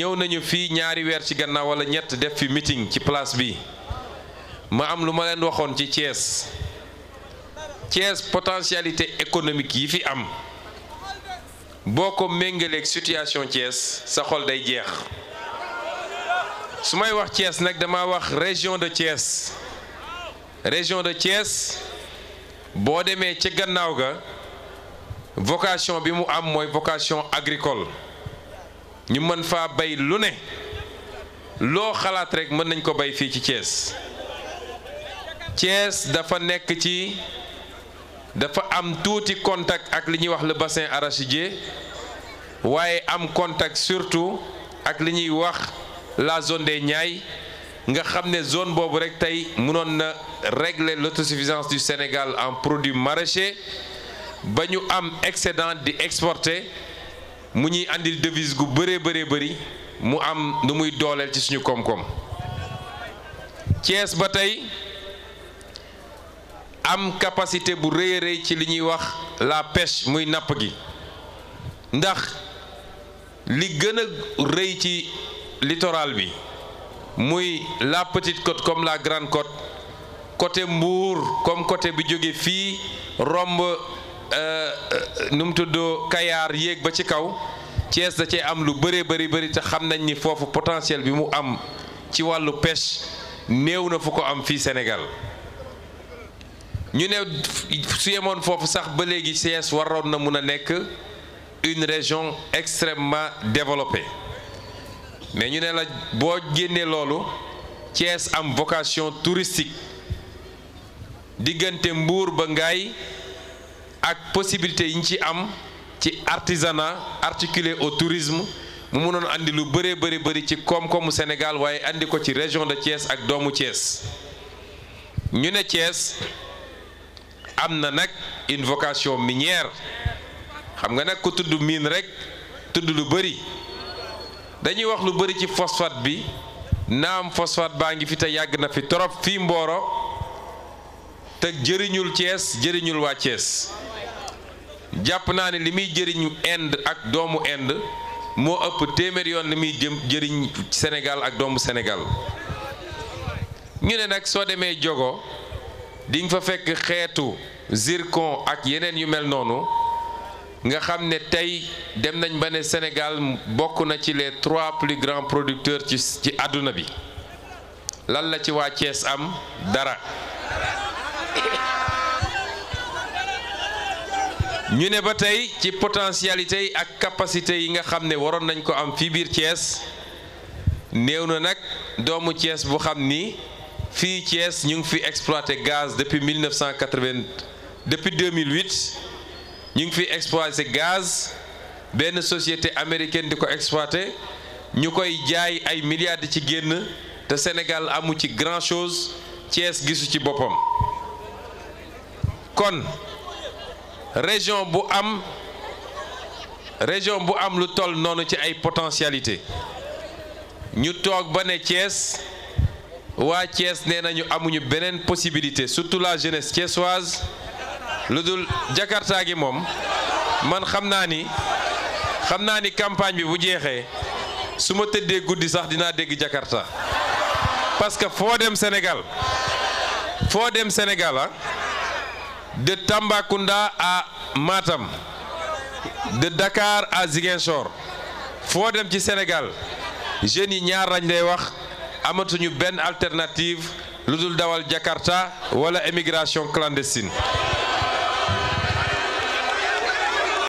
ñëw nañu fii ñaari weer ci gannaaw wala ñett def fi meeting ci place bi ma am lu ma leen waxoon ci Thiès Thiès potentialité économique yi fi am boo ko méngaleeg situation Thiès sa xol day jeex su may wax Thiès nag dama wax région de Thiès région de Thiès boo demee ca gannaaw ga vocation bi mu am mooy vocation agricole ñu mën faa bay lu ne loo xalaat rek mën nañ ko bay fii ci Thiès Thiès dafa nekk ci dafa am tuuti contact ak li ñuy wax le bassin arachidier waaye am contact surtout ak li ñuy wax la zone des ñaay nga xam ne zone boobu rek tey mënoon na régler l'autosuffisance du Sénégal en produit maraîchers ba ñu am excédent di exporter mu ñuy andil devise gu bëree bëree bëri mu am nu muy dooleel ci suñu koom-koom Thiès ba tey am capacité bu rëy rëy ci li ñuy wax la pêche muy napp gi ndax li gën a rëy ci littoral bi muy la petite côte comme la grande côte côté Mbour comme côté bi jóge fii romb Euh, euh, nu mu tudd Kayaar yéeg ba ci kaw Thiès da cee am lu bëree bëri bëri ca xam nañ ni foofu potentiel bi mu am ci wàllu pêche néew na fu ko am fii Sénégal ñu ne su yemoon foofu sax ba léegi Thiès waroon na mun a nekk une région extremement développée mais ñu ne la boo génnee loolu Thiès am vocation touristique diggante mbuur ba Ngaay ak possibilité yi ñu ci am ci artisanat articulé au tourisme mu mënoon indi lu bëree bëri bëri ci koom-koomu Sénégal waaye indi ko ci région de Thiès ak doomu Thiès ñu ne Thiès am na nag une vocation xam nga nag ko tudd mine rek tudd lu bari dañuy wax lu bëri ci phosphate bi naam phosphate baa ngi fi te yàgg na fi torop fii mbooro te jëriñul Thiès jëriñul waa Thiès. jàpp naa ne li muy jëriñu Inde ak doomu Inde moo ëpp téeméer yoon li muy jëm jëriñ Sénégal ak doomu Sénégal ñu ne nag soo demee Diogo di fa fekk xeetu zircon ak yeneen yu mel noonu nga xam ne tey dem nañ ba ne Sénégal bokk na ci les trois plus grands producteurs ci ci àdduna bi lan la ci waa Thiès am dara ñu ne ba tey ci potentialité yi ak capacité yi nga xam ne waroon nañ ko am fii biir Thiès néew na nag doomu Thiès bu xam ni fii Thiès ñu ngi fi exploité gaz depuis 1980 depuis 2008 ñu ngi fi exploité gaz benn société américaine di ko exploité ñu koy jaay ay milliards ci génn te Sénégal amu ci grand chose Thiès gisu ci boppam kon. région bu am région bu am lu toll noonu ci ay potentialité ñu toog ba ne Thiès waa Thiès nee nañu amuñu beneen possibilité surtout la jeunesse thiessoise lu dul Jakarta gi moom man xam naa ni xam naa ni campagne bi bu jeexee su ma tëddee guddi sax dinaa dégg Jakarta parce que foo dem Sénégal foo dem sénégala ah, de Tambacounda à Matam de Dakar à Ziguinchor foo dem ci Sénégal jeunes yi ñaar lañ lay wax amatuñu benn alternative lu dul dawal Jakarta wala émigration clandestine